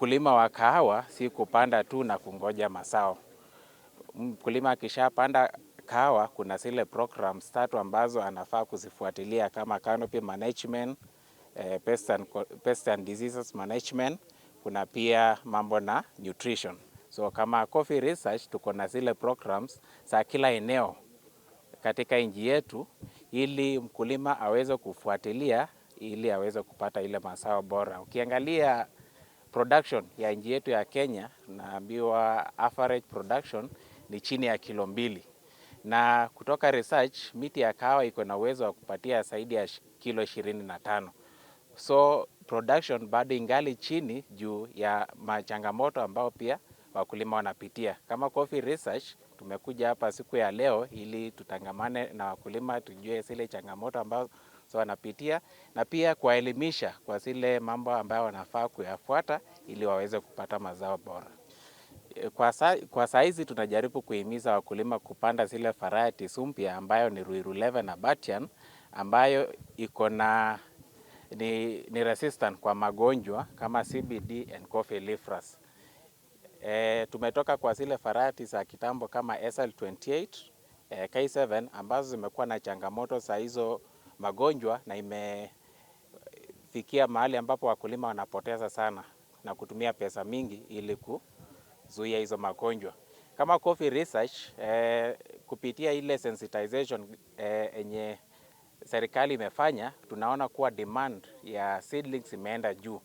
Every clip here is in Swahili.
Ukulima wa kahawa si kupanda tu na kungoja masao Mkulima akishapanda kahawa, kuna zile programs tatu ambazo anafaa kuzifuatilia kama canopy management, eh, pest and, pest and diseases management, kuna pia mambo na nutrition. So kama Coffee Research tuko na zile programs za kila eneo katika nchi yetu, ili mkulima aweze kufuatilia ili aweze kupata ile masao bora. Ukiangalia production ya nchi yetu ya Kenya naambiwa average production ni chini ya kilo mbili, na kutoka research miti ya kahawa iko na uwezo wa kupatia zaidi ya kilo ishirini na tano so production bado ingali chini juu ya machangamoto ambao pia wakulima wanapitia. Kama Coffee Research tumekuja hapa siku ya leo ili tutangamane na wakulima, tujue zile changamoto ambazo so wanapitia na pia kuwaelimisha kwa zile mambo ambayo wanafaa kuyafuata ili waweze kupata mazao bora. E, kwa, sa, kwa saizi tunajaribu kuhimiza wakulima kupanda zile varieties mpya ambayo ni Ruiru 11 na Batian ambayo iko na ni, ni resistant kwa magonjwa kama CBD and Coffee leaf rust. E, tumetoka kwa zile varieties za kitambo kama SL28, e, K7 ambazo zimekuwa na changamoto za hizo magonjwa na imefikia mahali ambapo wakulima wanapoteza sana na kutumia pesa mingi ili kuzuia hizo magonjwa. Kama Coffee Research eh, kupitia ile sensitization yenye eh, serikali imefanya, tunaona kuwa demand ya seedlings imeenda juu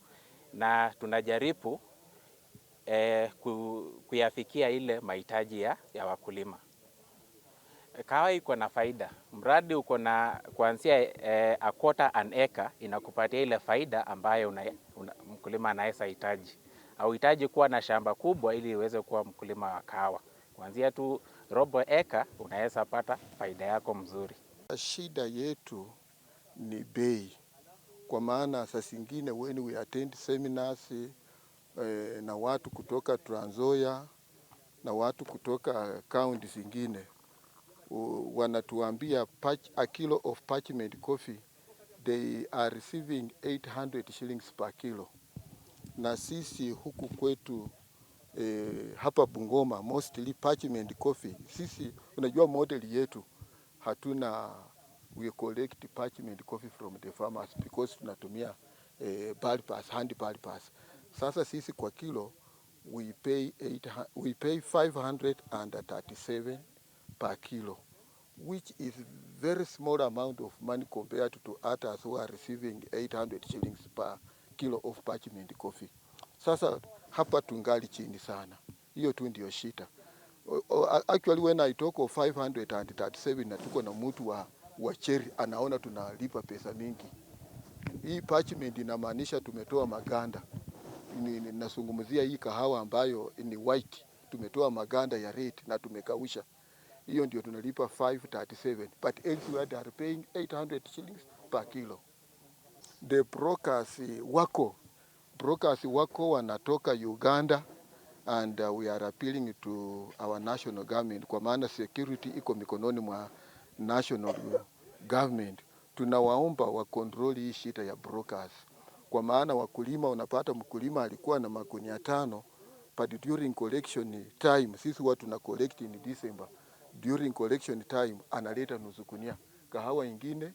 na tunajaribu eh, kuyafikia ile mahitaji ya, ya wakulima. Kahawa iko na faida, mradi uko na kuanzia eh, a quarter an acre inakupatia ile faida ambayo una, una, mkulima anaweza hitaji au hitaji kuwa na shamba kubwa ili iweze kuwa mkulima wa kahawa. Kuanzia tu robo acre unaweza pata faida yako mzuri. Shida yetu ni bei, kwa maana saa zingine when we attend seminars eh, na watu kutoka Trans Nzoia na watu kutoka kaunti zingine wanatuambia patch, a kilo of parchment coffee they are receiving 800 shillings per kilo, na sisi huku kwetu eh, hapa Bungoma mostly parchment coffee. Sisi unajua model yetu hatuna we collect parchment coffee from the farmers because tunatumia eh, balpas, hand balpas. Sasa sisi kwa kilo we pay, 800, we pay 537 per kilo which is very small amount of money compared to others who are receiving 800 shillings per kilo of parchment coffee. Sasa hapa tungali chini sana, hiyo tu ndio shita. Actually when I talk of 537 na tuko na mtu wa, wa cherry anaona tunalipa pesa mingi. Hii parchment inamaanisha tumetoa maganda, ninazungumzia hii kahawa ambayo ni white, tumetoa maganda ya red na tumekausha hiyo ndio tunalipa 537 but elsewhere they are paying 800 shillings per kilo. The brokers eh, wako brokers wako wanatoka Uganda and uh, we are appealing to our national government, kwa maana security iko mikononi mwa national government. Tunawaomba wakontroli hii shida ya brokers, kwa maana wakulima, unapata mkulima alikuwa na magunia tano, but during collection time sisi watu tuna collect in December during collection time analeta nusu kunia kahawa ingine,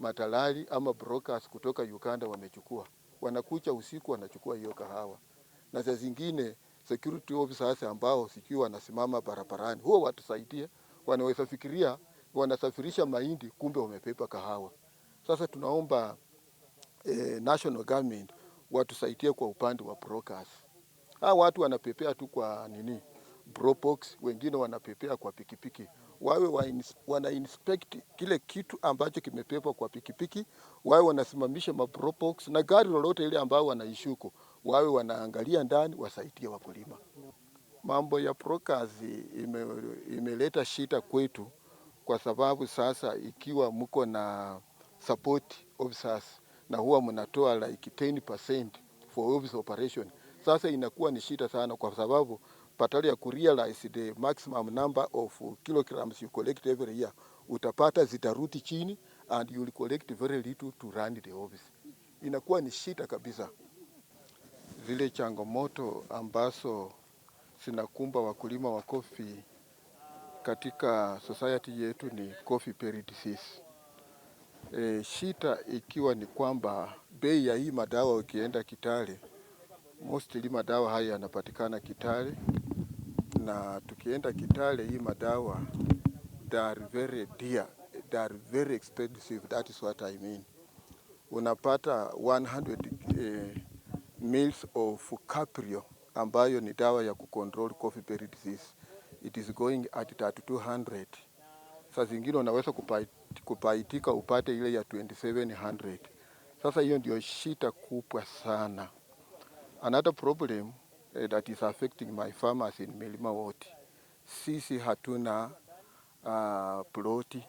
matalali ama brokers kutoka Uganda wamechukua, wanakucha usiku wanachukua hiyo kahawa, na saa zingine security officers ambao sijui wanasimama barabarani huwa watusaidie, wanaweza fikiria wanasafirisha mahindi, kumbe wamepepa kahawa. Sasa tunaomba eh, national government watusaidie kwa upande wa brokers. Hawa watu wanapepea tu kwa nini Bropox, wengine wanapepea kwa pikipiki, wawe wa ins wana inspect kile kitu ambacho kimepepwa kwa pikipiki, wawe wanasimamisha mabropox na gari lolote ile ambayo wanaishuko, wawe wanaangalia ndani, wasaidie wakulima. Mambo ya prokazi ime, imeleta shida kwetu kwa sababu sasa ikiwa mko na support officers na huwa mnatoa like 10% for office operation, sasa inakuwa ni shida sana kwa sababu patali ku realize the maximum number of kilograms you collect every year, utapata zitaruti chini and you will collect very little to run the office. Inakuwa ni shida kabisa. Zile changamoto ambazo zinakumba wakulima wa kofi katika society yetu ni coffee berry disease. E, shita ikiwa ni kwamba bei ya hii madawa ukienda Kitale, mostly madawa haya yanapatikana Kitale na tukienda Kitale hii madawa they are very dear, they are very expensive, that is what I mean. Unapata 100 eh, mils of caprio ambayo ni dawa ya kucontrol coffee berry disease. It is going at 3200. Saa zingine unaweza kupaitika upate ile ya 2700. Sasa hiyo ndio shida kubwa sana. Another problem Eh, that is affecting my farmers in milima wote. Sisi hatuna uh, ploti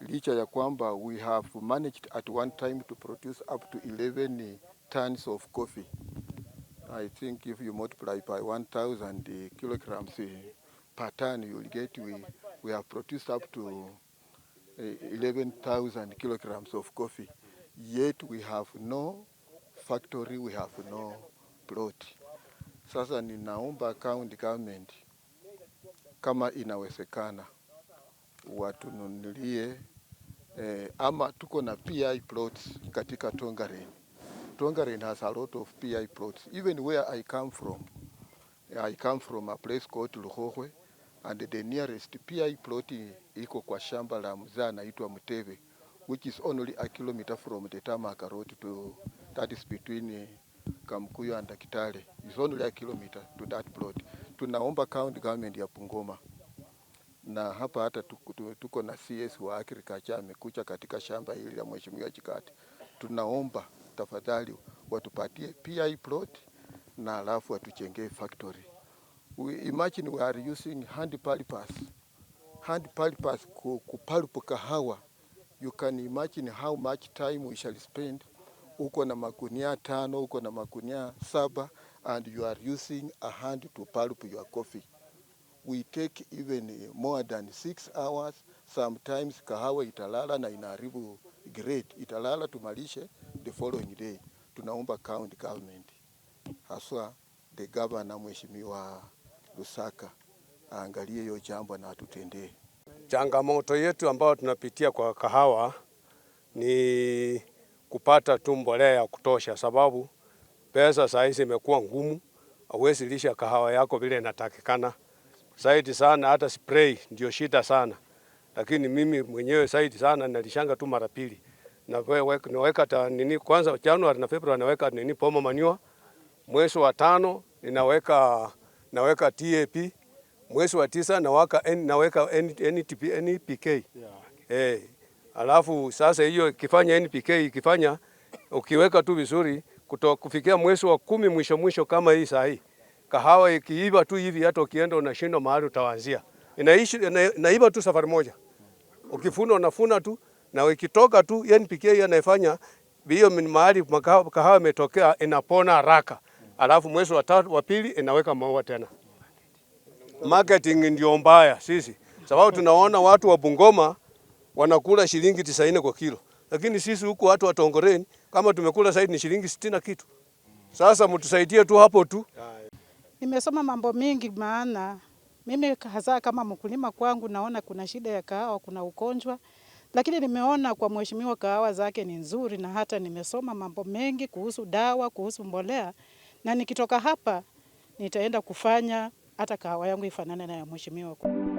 licha ya kwamba we have managed at one time to produce up to 11 eh, tons of coffee. I think if you multiply by 1000 eh, kilograms per ton you will get we, we have produced up to 11,000 kilograms of coffee. Yet we have no factory, we have no plot. Sasa ninaomba county government kama inawezekana watununulie eh, ama tuko na PI plots katika Tongaren. Tongaren has a lot of PI plots. Even where I come from, I come from a place called Luhohwe and the nearest PI plot iko kwa shamba la mzaa anaitwa Mteve which is only a kilometer from the Tamaka road to that is between Kamkuyu and Kitale zone ya kilomita to that plot. Tunaomba county government ya Bungoma na hapa hata tuko, tuko na CS wa agriculture amekuja katika shamba hili la mheshimiwa Chikati. Tunaomba tafadhali watupatie PI plot na alafu watuchengee factory. We imagine we are using hand pulpers. Hand pulpers kupulp kahawa. You can imagine how much time we shall spend uko na makunia tano, uko na makunia saba and you are using a hand to pulp your coffee. We take even more than six hours. Sometimes kahawa italala na inaharibu grade, italala tumalishe the following day. Tunaomba county government haswa the governor Mheshimiwa Lusaka aangalie hiyo jambo na atutendee. Changamoto yetu ambayo tunapitia kwa kahawa ni kupata tu mbolea ya kutosha, sababu pesa saa hizi imekuwa ngumu, hauwezi lisha kahawa yako vile inatakikana zaidi sana. Hata spray ndio shida sana, lakini mimi mwenyewe zaidi sana nalishanga tu mara pili, naweka ta nini kwanza Januari na Februari naweka nini pomo manua, mwezi wa tano ninaweka naweka TAP mwezi wa tisa naweka, naweka NPK e yeah. Hey, eh, Alafu sasa hiyo ikifanya NPK ikifanya ukiweka tu vizuri kuto, kufikia mwezi wa kumi mwisho mwisho kama hii sahi. kahawa ikiiva tu hivi hata ukienda unashindwa mahali utaanzia. Inaishi inaiva tu safari moja. Ukifuna unafuna tu na ikitoka tu NPK hiyo inaifanya hiyo mahali kahawa imetokea inapona haraka. Alafu mwezi wa tatu wa pili inaweka maua tena. Marketing ndio mbaya sisi sababu tunaona watu wa Bungoma wanakula shilingi tisaini kwa kilo, lakini sisi huku watu wa Tongoreni kama tumekula saidi ni shilingi sitini na kitu. Sasa mtusaidie tu hapo tu. Nimesoma mambo mengi, maana mimi hasa kama mkulima kwangu naona kuna shida ya kahawa, kuna ugonjwa lakini nimeona kwa mheshimiwa kahawa zake ni nzuri, na hata nimesoma mambo mengi kuhusu dawa, kuhusu mbolea, na nikitoka hapa nitaenda kufanya hata kahawa yangu ifanane na ya mheshimiwa.